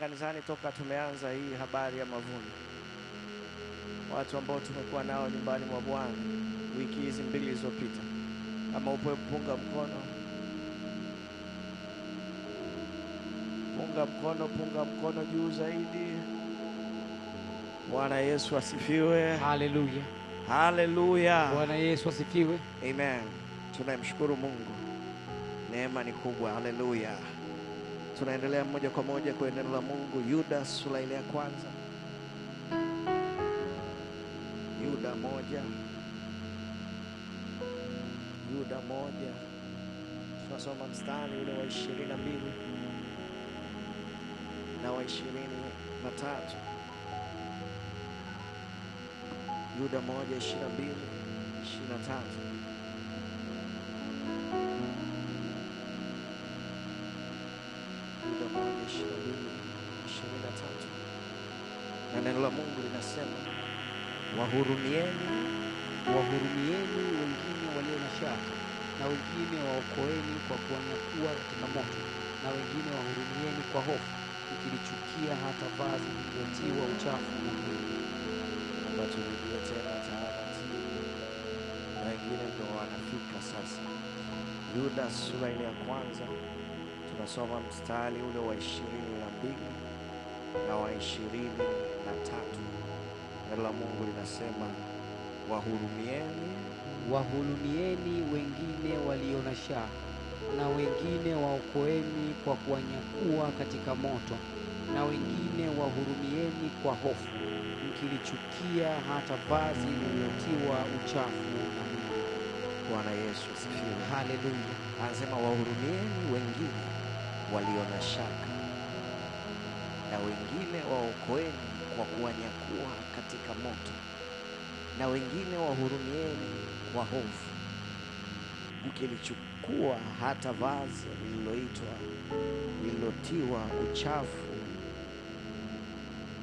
Kanisani toka tumeanza hii habari ya mavuno, watu ambao tumekuwa nao nyumbani mwa Bwana wiki hizi mbili zilizopita, kama upo punga mkono, punga mkono, punga mkono juu zaidi. Bwana Yesu asifiwe! Haleluya, haleluya! Bwana Yesu asifiwe, amen. Tunamshukuru Mungu, neema ni kubwa. Haleluya. Tunaendelea moja kwa moja kwa neno la Mungu, Yuda sura ile ya kwanza, Yuda moja, Yuda moja. Tunasoma mstari ule wa ishirini na mbili na wa ishirini na tatu Yuda moja, ishirini na mbili, ishirini na tatu Kutoka moja ishirini ishirini na tatu na neno la Mungu linasema wahurumieni, wahurumieni wengine walio na shaka, na wengine waokoeni kwa kuwanyakua katika moto, na wengine wahurumieni kwa hofu, mkilichukia hata vazi lililotiwa uchafu mwilini, ambacho ndio tena taarati. Na wengine ndo wanafika sasa. Yuda sura ile ya kwanza tunasoma mstari ule wa ishirini na mbili na wa ishirini na tatu. Neno la Mungu linasema wahurumieni, wahurumieni wengine walio na shaka, na wengine waokoeni kwa kuwanyakua katika moto, na wengine wahurumieni kwa hofu, mkilichukia hata vazi lililotiwa uchafu na Bwana Yesu asifiwe. Haleluya. Anasema wahurumieni wengine walio na shaka, na wengine waokoeni kwa kuwanyakua katika moto, na wengine wahurumieni kwa hofu, mkilichukua hata vazi lililoitwa lililotiwa uchafu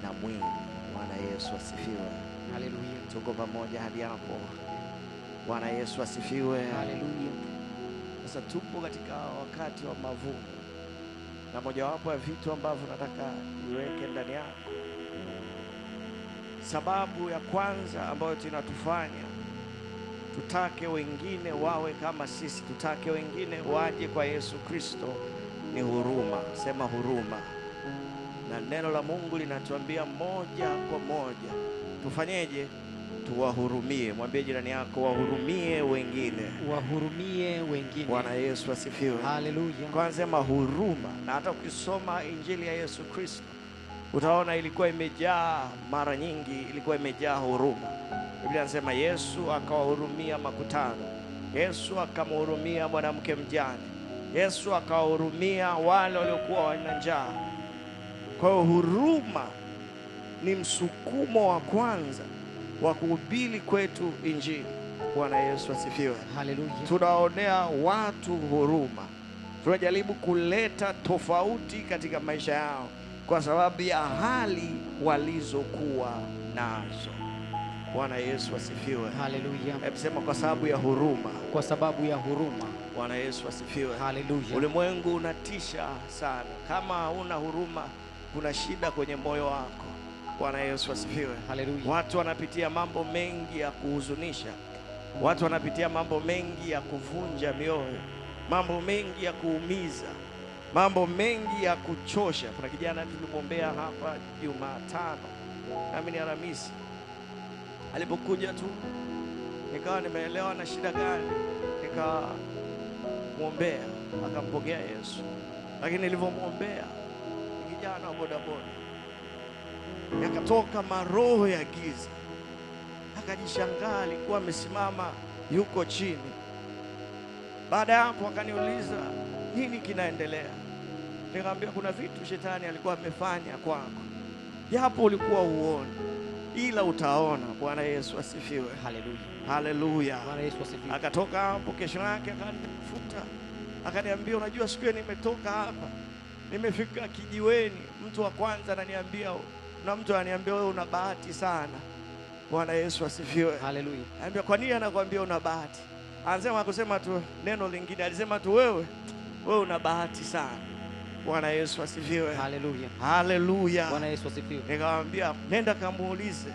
na mwili. Bwana Yesu asifiwe, haleluya. Tuko pamoja hadi hapo? Bwana Yesu asifiwe, haleluya. Sasa tupo katika wakati wa mavuno na mojawapo ya vitu ambavyo nataka iweke ndani yako, sababu ya kwanza ambayo tunatufanya tutake wengine wawe kama sisi, tutake wengine waje kwa Yesu Kristo ni huruma. Sema huruma. Na neno la Mungu linatuambia moja kwa moja tufanyeje? wahurumie Mwambie jirani yako, wahurumie wengine, wahurumie wengine. Bwana Yesu asifiwe, haleluya. ma huruma, na hata ukisoma injili ya Yesu Kristo utaona ilikuwa imejaa, mara nyingi ilikuwa imejaa huruma. Biblia inasema Yesu akawahurumia makutano, Yesu akamhurumia mwanamke mjane, Yesu akawahurumia wale waliokuwa wana njaa. Kwa hiyo huruma ni msukumo wa kwanza wa kuhubiri kwetu Injili. Bwana Yesu asifiwe. Haleluya. Tunaonea watu huruma, tunajaribu kuleta tofauti katika maisha yao kwa sababu ya hali walizokuwa nazo. Bwana Yesu asifiwe. Haleluya. Hebu sema kwa sababu ya huruma. Kwa sababu ya huruma. Bwana Yesu asifiwe. Haleluya. Ulimwengu unatisha sana, kama huna huruma kuna shida kwenye moyo wako. Bwana Yesu asifiwe. Haleluya. Watu wanapitia mambo mengi ya kuhuzunisha, watu wanapitia mambo mengi ya kuvunja mioyo, mambo mengi ya kuumiza, mambo mengi ya kuchosha. Kuna kijana tulimwombea hapa Jumatano, nami ni aramisi alipokuja tu nikawa nimeelewa na shida gani, nikamwombea akampokea Yesu, lakini nilivyomwombea ni kijana wa bodaboda yakatoka maroho ya giza. Akajishangaa, alikuwa amesimama yuko chini. Baada ya hapo akaniuliza nini kinaendelea? Nikamwambia kuna vitu shetani alikuwa amefanya kwako, japo ulikuwa uone, ila utaona. Bwana Yesu asifiwe, haleluya, haleluya. Akatoka hapo, kesho yake akanifuta, akaniambia, unajua siku nimetoka hapa, nimefika kijiweni, mtu wa kwanza ananiambia na mtu aniambia wewe una bahati sana. Bwana Yesu asifiwe. Haleluya. Anambia kwa nini anakuambia una bahati? Anasema kusema tu neno lingine, alisema tu wewe wewe una bahati sana. Bwana Yesu asifiwe. Haleluya. Haleluya. Bwana Yesu asifiwe. Nikamwambia nenda kamuulize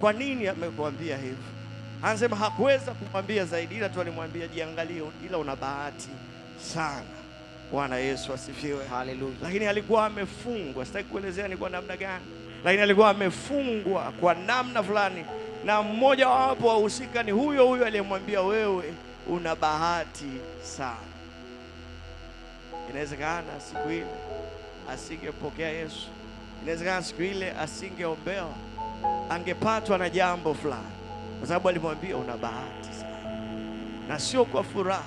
kwa nini amekuambia hivyo. Anasema hakuweza kumwambia zaidi, ila tu alimwambia jiangalie, ila una bahati sana. Bwana Yesu asifiwe. Haleluya. Lakini alikuwa amefungwa, sitaki kuelezea ni kwa namna gani lakini alikuwa amefungwa kwa namna fulani, na mmoja wapo wahusika ni huyo huyo aliyemwambia wewe una bahati sana. Inawezekana siku ile asingepokea Yesu, inawezekana siku ile asingeombewa, angepatwa na jambo fulani, kwa sababu alimwambia una bahati sana, na sio kwa furaha,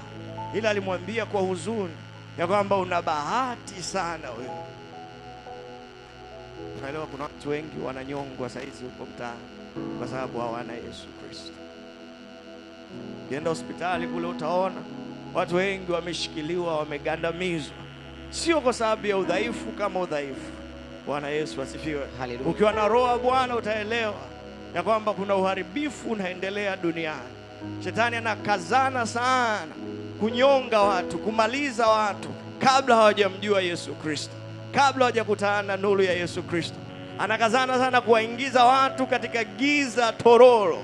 ila alimwambia kwa huzuni ya kwamba una bahati sana wewe. Unaelewa, kuna watu wengi wananyongwa saizi huko mtaa kwa sababu hawana Yesu Kristo. Ukienda hospitali kule utaona watu wengi wameshikiliwa, wamegandamizwa, sio kwa sababu ya udhaifu kama udhaifu. Bwana Yesu asifiwe. Haleluya. Ukiwa na roho Bwana utaelewa ya kwamba kuna uharibifu unaendelea duniani. Shetani anakazana sana kunyonga watu, kumaliza watu kabla hawajamjua Yesu Kristo kabla hawajakutana na nuru ya Yesu Kristo. Anakazana sana kuwaingiza watu katika giza tororo,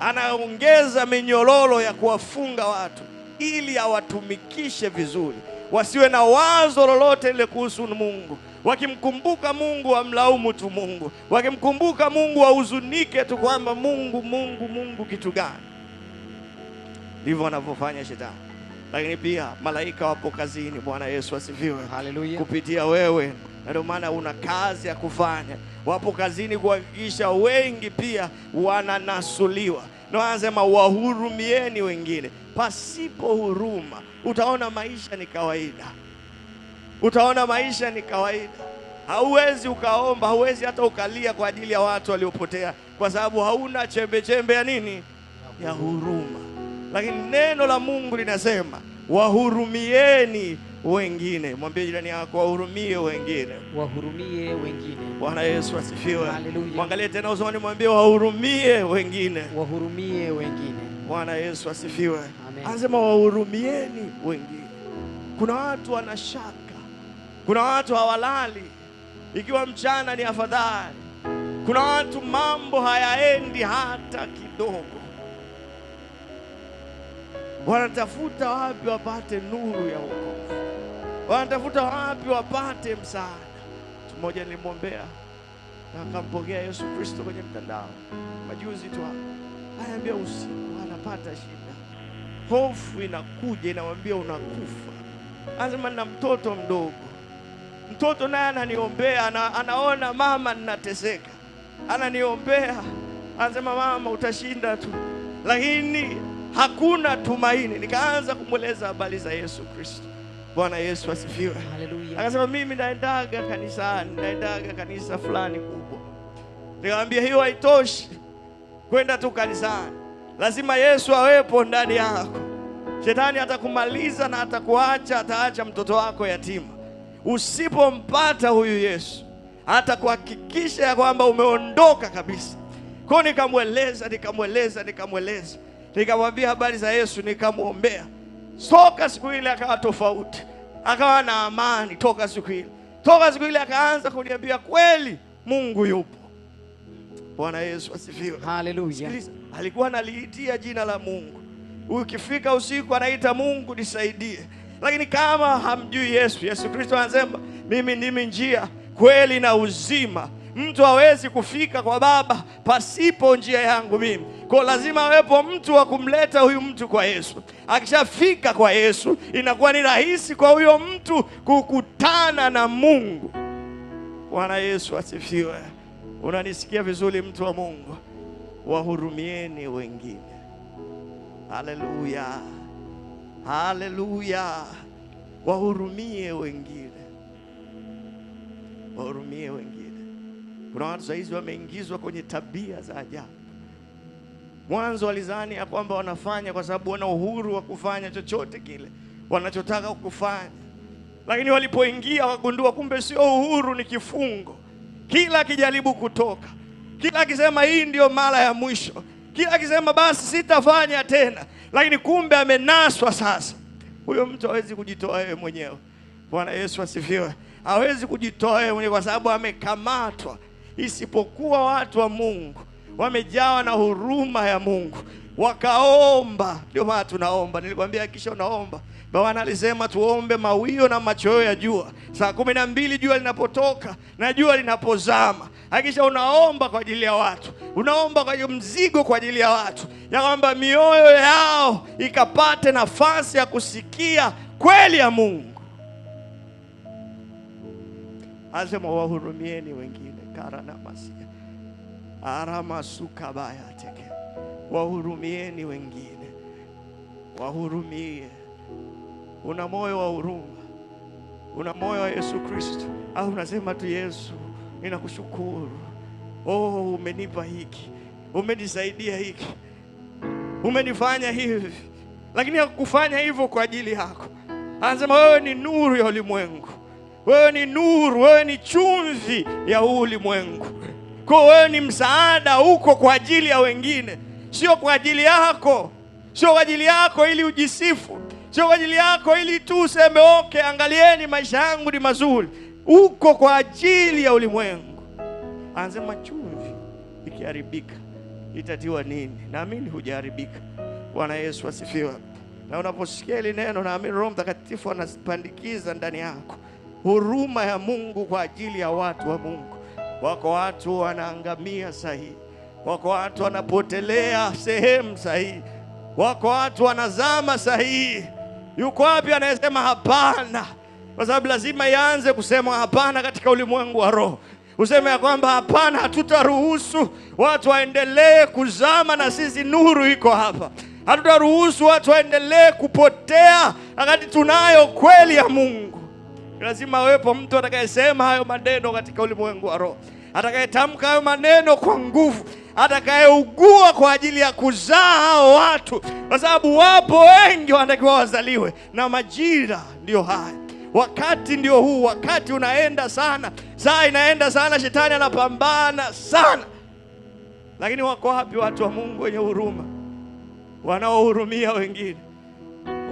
anaongeza minyororo ya kuwafunga watu ili awatumikishe vizuri, wasiwe na wazo lolote lile kuhusu Mungu. Wakimkumbuka Mungu wamlaumu tu Mungu, wakimkumbuka Mungu wahuzunike tu kwamba Mungu, Mungu, Mungu kitu gani? Ndivyo wanavyofanya shetani lakini pia malaika wapo kazini. Bwana Yesu asifiwe. Haleluya. Kupitia wewe, na ndio maana una kazi ya kufanya. Wapo kazini kuhakikisha wengi pia wananasuliwa, na wanasema wahurumieni wengine. Pasipo huruma, utaona maisha ni kawaida, utaona maisha ni kawaida. Hauwezi ukaomba, hauwezi hata ukalia kwa ajili ya watu waliopotea, kwa sababu hauna chembe chembe ya nini, ya huruma lakini neno la Mungu linasema wahurumieni wengine. Mwambie jirani yako wahurumie wengine, wahurumie wengine. Bwana Yesu asifiwe. Mwangalie tena usoni, mwambie wahurumie wengine, wahurumie wengine. Bwana Yesu asifiwe. Anasema wahurumieni wengine. Kuna watu wana shaka, kuna watu hawalali ikiwa mchana ni afadhali. Kuna watu mambo hayaendi hata kidogo Mm. Wanatafuta wapi wapate nuru ya wokovu? Wanatafuta wapi wapate msaada? Mmoja nilimwombea na akampokea Yesu Kristo kwenye mtandao majuzi tu anaambia usiku anapata shida, hofu inakuja inawambia unakufa. Anasema na mtoto mdogo, mtoto naye ananiombea ana, anaona mama ninateseka, ananiombea anasema, mama utashinda tu, lakini hakuna tumaini. Nikaanza kumweleza habari za Yesu Kristo. Bwana Yesu asifiwe, haleluya. Akasema mimi naendaga kanisani, naendaga kanisa fulani kubwa. Nikamwambia hiyo haitoshi kwenda tu kanisani, lazima Yesu awepo ndani yako. Shetani atakumaliza na atakuacha, ataacha mtoto wako yatima. Usipompata huyu Yesu, atakuhakikisha ya kwamba umeondoka kabisa. Kwa nikamweleza, nikamweleza, nikamweleza nikamwambia habari za Yesu, nikamwombea. Toka siku ile akawa tofauti, akawa na amani. Toka siku ile, toka siku ile akaanza kuniambia kweli, Mungu yupo. Bwana Yesu asifiwe, haleluya. Alikuwa analiitia jina la Mungu, ukifika usiku anaita Mungu, nisaidie. Lakini kama hamjui Yesu, Yesu Kristo anasema mimi ndimi njia, kweli na uzima, mtu hawezi kufika kwa Baba pasipo njia yangu mimi. Kwa lazima awepo mtu wa kumleta huyu mtu kwa Yesu. Akishafika kwa Yesu, inakuwa ni rahisi kwa huyo mtu kukutana na Mungu. Bwana Yesu asifiwe. Unanisikia vizuri, mtu wa Mungu? Wahurumieni wengine. Haleluya, haleluya. Wahurumie wengine, wahurumie wengine. Kuna watu saizi wameingizwa kwenye tabia za ajabu. Mwanzo walizani ya kwamba wanafanya kwa sababu wana uhuru wa kufanya chochote kile wanachotaka kufanya, lakini walipoingia wagundua kumbe sio uhuru, ni kifungo. Kila akijaribu kutoka, kila akisema hii ndiyo mara ya mwisho, kila akisema basi sitafanya tena, lakini kumbe amenaswa. Sasa huyo mtu hawezi kujitoa yeye mwenyewe. Bwana Yesu asifiwe. Hawezi kujitoa yeye mwenyewe kwa sababu amekamatwa, isipokuwa watu wa Mungu wamejawa na huruma ya Mungu wakaomba. Ndio maana tunaomba, nilikwambia kisha unaomba. Bwana alisema tuombe mawio na machweo ya jua, saa kumi na mbili jua linapotoka na jua linapozama. Hakisha unaomba kwa ajili ya watu, unaomba kwa mzigo kwa ajili ya watu, ya kwamba mioyo yao ikapate nafasi ya kusikia kweli ya Mungu. Anasema wahurumieni wengine, karana masia aramasukabayate teke, wahurumieni wengine, wahurumie. Una moyo wa huruma, una moyo wa Yesu Kristo, au unasema tu Yesu, ninakushukuru. Oh, umenipa hiki, umenisaidia hiki, umenifanya hivi, lakini hakufanya hivyo kwa ajili yako. Anasema wewe ni nuru ya ulimwengu, wewe ni nuru, wewe ni chumvi ya ulimwengu. Kwa wewe ni msaada, uko kwa ajili ya wengine, sio kwa ajili yako, sio kwa ajili yako ili ujisifu, sio kwa ajili yako ili tu useme okay, angalieni maisha yangu ni mazuri. Uko kwa ajili ya ulimwengu. Anasema chumvi ikiharibika itatiwa nini? Naamini hujaharibika. Bwana Yesu asifiwe. Na unaposikia hili neno, naamini Roho Mtakatifu anapandikiza ndani yako huruma ya Mungu kwa ajili ya watu wa Mungu. Wako watu wanaangamia sahihi, wako watu wanapotelea sehemu sahihi, wako watu wanazama sahihi. Yuko wapi anayesema hapana? Kwa sababu lazima ianze kusema hapana katika ulimwengu wa roho, useme ya kwamba hapana, hatutaruhusu watu waendelee kuzama na sisi, nuru iko hapa. Hatutaruhusu watu waendelee kupotea wakati tunayo kweli ya Mungu. Lazima awepo mtu atakayesema hayo maneno katika ulimwengu wa roho atakayetamka hayo maneno kwa nguvu, atakayeugua kwa ajili ya kuzaa hao watu, kwa sababu wapo wengi wanatakiwa wazaliwe, na majira ndiyo haya. Wakati ndio huu, wakati unaenda sana, saa inaenda sana, shetani anapambana sana, lakini wako wapi watu wa Mungu wenye huruma, wanaohurumia wengine?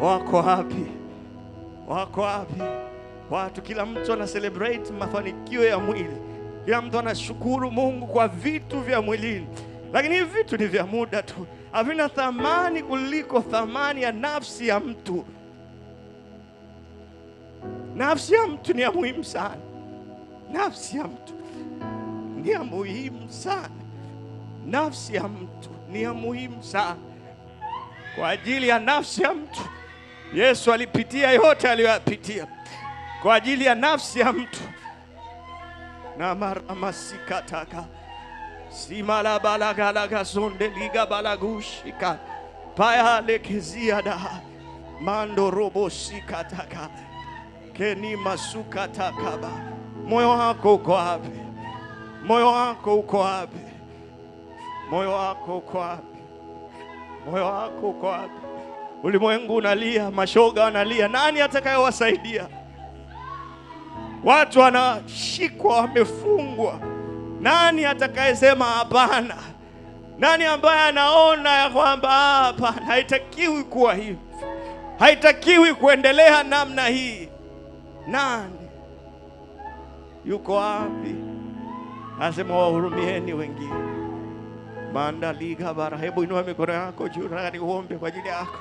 Wako wapi? Wako wapi watu? Kila mtu ana celebrate mafanikio ya mwili kila mtu anashukuru Mungu kwa vitu vya mwilini, lakini hivi vitu ni vya muda tu, havina thamani kuliko thamani ya nafsi ya mtu. Nafsi ya mtu ni ya muhimu sana, nafsi ya mtu ni ya muhimu sana, nafsi ya mtu ni ya muhimu sana. Kwa ajili ya nafsi ya mtu Yesu alipitia yote aliyoyapitia, kwa ajili ya nafsi ya mtu namaramasikataka simalabalagalagasondeliga balagushika payalekeziada mandorobosikataka kenimasukatakaba moyo wako uko wapi moyo wako uko wapi moyo wako uko wapi moyo wako uko wapi ulimwengu unalia mashoga wanalia nani atakayewasaidia watu wanashikwa, wamefungwa. Nani atakayesema hapana? Nani ambaye anaona ya kwamba ah, hapana, haitakiwi kuwa hivi, haitakiwi kuendelea namna hii? Nani yuko wapi? Anasema wahurumieni wengine mandaliga hebu inua mikono yako juu, nataka niombe kwa ajili yako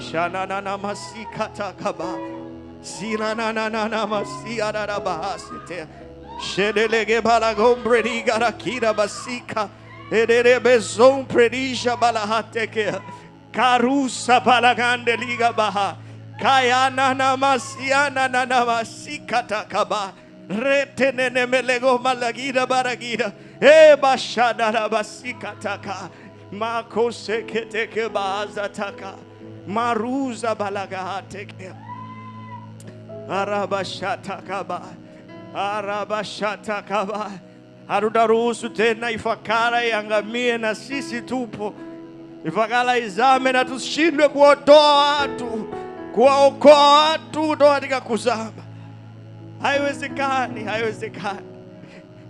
shana na masika takaba Shedelege balagom predi garakira basika. Edere bezon predija balahateke. Karusa balagande liga baha. Kayana namasiana nanamasika takaba. Retenene melego malagira baragira. E bashadara basika taka. Mako seketeke baza taka. Maruza balagahateke. arabashatakaba arabashatakaba. Hatutaruhusu tena Ifakara iangamie na sisi tupo. Ifakara izame na tushindwe kuotoa watu, kuwaokoa watu kutoka katika kuzama. Haiwezekani, haiwezekani,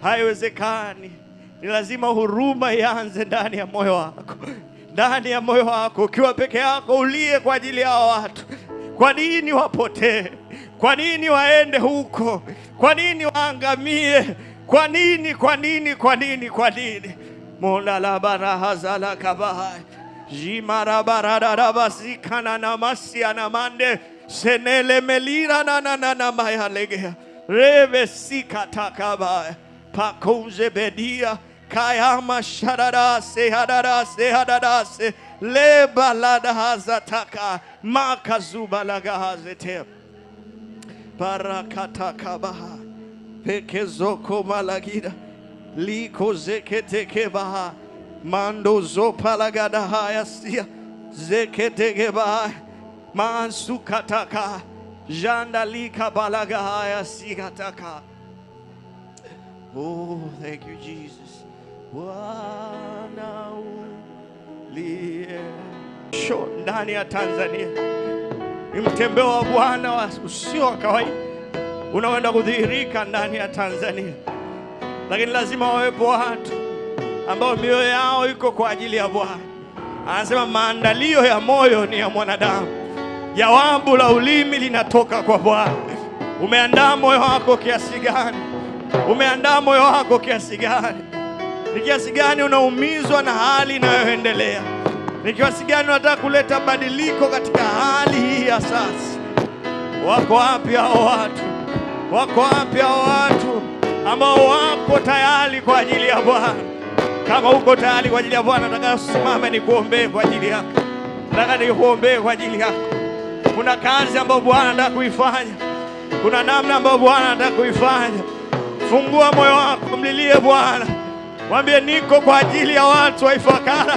haiwezekani. Ni lazima huruma ianze ndani ya moyo wako, ndani ya moyo wako. Ukiwa peke yako, ulie kwa ajili ya watu. Kwa nini wapotee? Kwa nini waende huko? Kwa nini waangamie? Kwa nini? Kwa nini? Kwa nini? Kwa nini? na na molalabarahazarakabahai jimarabarararabasikananamasianamande senelemeliranaananamayalegeha revesikatakabaha pakuzebedia kayama shararase hadarase hadarase lebaladahazataka makazubalaga hazete Barakata kabaha. Pekezoko malagida. Liko zekete kebaha. Mando zopalagada hayasia. Zekete kebaha. Mansukataka. Jandalika balaga hayasigataka. Oh, thank you, Jesus. Wana uliye. Sho Tanzania ni mtembeo wa Bwana usio wa kawaida unaoenda kudhihirika ndani ya Tanzania, lakini lazima wawepo watu ambao mioyo yao iko kwa ajili ya Bwana. Anasema maandalio ya moyo ni ya mwanadamu, jawabu la ulimi linatoka kwa Bwana. Umeandaa moyo wako kiasi gani? Umeandaa moyo wako kiasi gani? Ni kiasi gani unaumizwa na hali inayoendelea? Ni kiasi gani unataka kuleta badiliko katika hali hii ya sasa? Wako wapi hao watu? Wako wapi hao watu ambao wako tayari kwa ajili ya Bwana? Kama uko tayari kwa ajili ya Bwana, nataka simame nikuombee kwa ajili yako, nataka nikuombee kwa ajili yako. Kuna kazi ambayo Bwana anataka kuifanya, kuna namna ambayo Bwana anataka kuifanya. Fungua moyo wako, mlilie Bwana, mwambie niko kwa ajili ya watu wa Ifakara.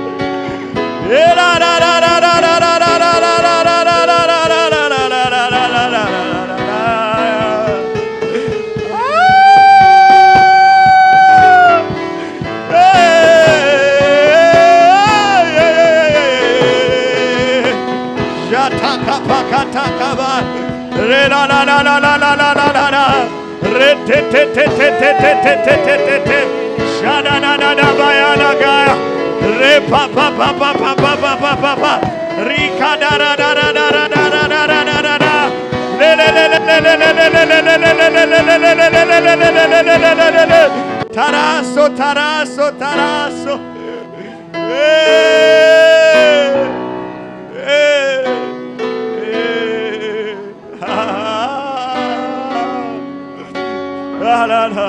Re pa pa pa pa taraso taraso eh, eh, eh. ah, oh, taraso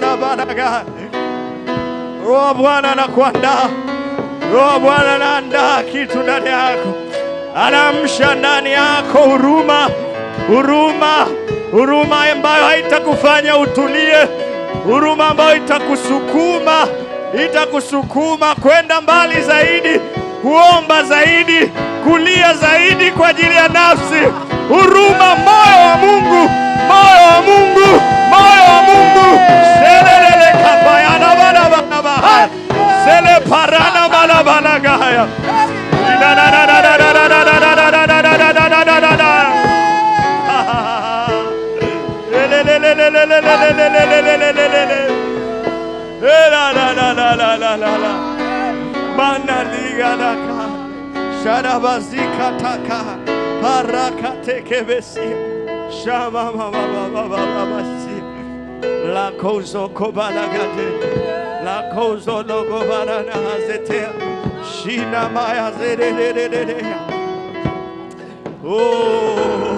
na baraga Roho Bwana anakuandaa. Roho Bwana anaandaa kitu ndani yako, anamsha ndani yako huruma, huruma, huruma ambayo haitakufanya utulie, huruma ambayo itakusukuma itakusukuma kwenda mbali zaidi, kuomba zaidi, kulia zaidi kwa ajili ya nafsi. Huruma, moyo wa Mungu, moyo wa Mungu, moyo wa Mungu selelele kapayana bana bana sele parana bana bana gaya le La la la la la la la la da ka Şarabazi kataka Paraka teke besi Şama La kozo kobala gade La kozo logo barana hazete Şina maya zere re re re Oh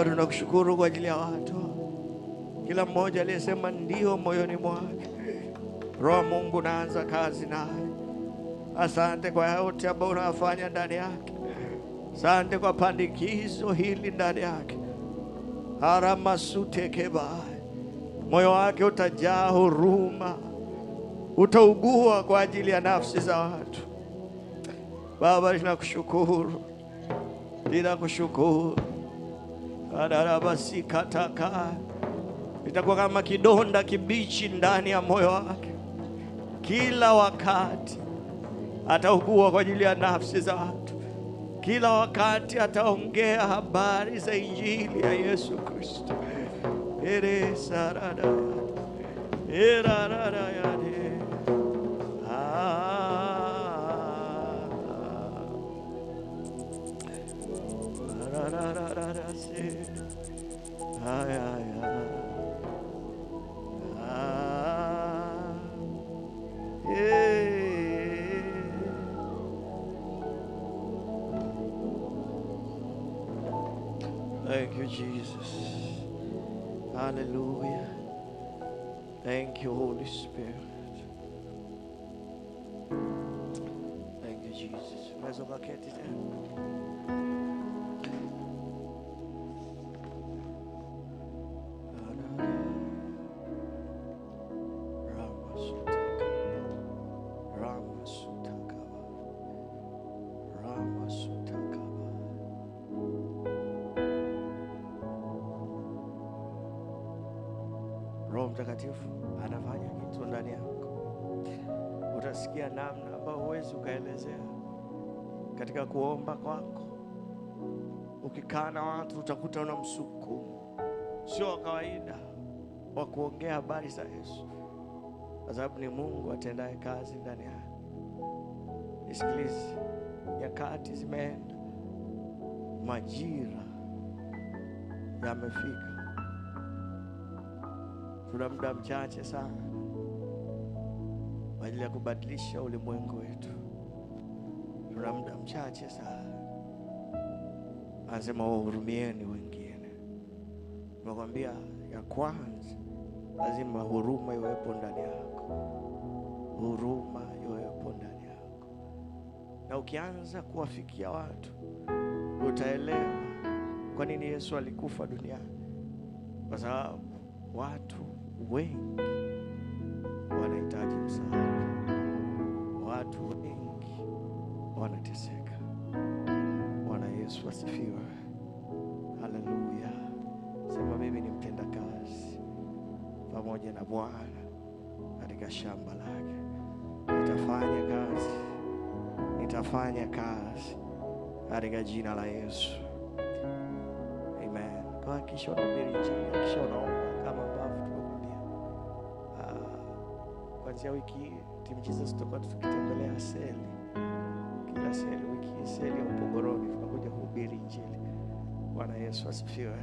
Baba, tunakushukuru kwa ajili ya watu, kila mmoja aliyesema ndio moyoni mwake. Roho Mungu, naanza kazi naye. Asante kwa yote ambayo unafanya ndani yake. Asante kwa pandikizo hili ndani yake. haramazutekeba moyo wake utajaa huruma, utaugua kwa ajili ya nafsi za watu. Baba, ninakushukuru, ninakushukuru kararabasikataka itakuwa kama kidonda kibichi ndani ya moyo wake, kila wakati ataugua kwa ajili ya nafsi za watu, kila wakati ataongea habari za injili ya Yesu Kristo. eresarada erararaya Thank you, Jesus. Hallelujah. Thank you, Holy Spirit. Thank you, Jesus. Roho Mtakatifu anafanya kitu ndani yako, utasikia namna ambayo huwezi ukaelezea katika kuomba kwako. Ukikaa na watu utakuta una msukumo sio wa kawaida wa kuongea habari za Yesu, kwa sababu ni Mungu atendaye kazi ndani yako. Nisikilize, nyakati zimeenda, majira yamefika. Tuna muda mchache sana kwa ajili ya kubadilisha ulimwengu wetu. Tuna muda mchache sana. Anasema wahurumieni wengine. Tumekwambia ya kwanza, lazima huruma iwepo ndani yako, huruma iwepo ndani yako, na ukianza kuwafikia watu utaelewa kwa nini Yesu alikufa duniani, kwa sababu watu wengi wanahitaji msaada, watu wengi wanateseka. Bwana Yesu asifiwe, haleluya! Sema mimi ni kazi pamoja na Bwana katika shamba lake, nitafanya kazi, nitafanya kazi katika jina la Yesu. Amen. Kwa kisha unahubiri, kisha unaomba kuanzia wiki hii Jesus tutakuwa tukitembelea seli, kila seli, wiki seli ya Upogoroni tunakuja kuhubiri njili Bwana Yesu asifiwe,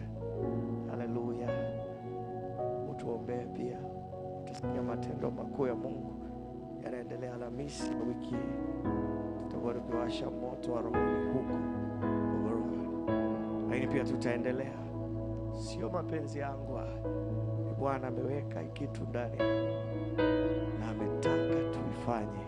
haleluya. Utuombee pia, utasikia matendo makuu ya Mungu yanaendelea. Alhamisi ya wiki tutakuwa tukiwasha moto wa rohoni huko Upogoroni, lakini pia tutaendelea. Sio mapenzi yangu, ah. Bwana ameweka kitu ndani na ametaka tuifanye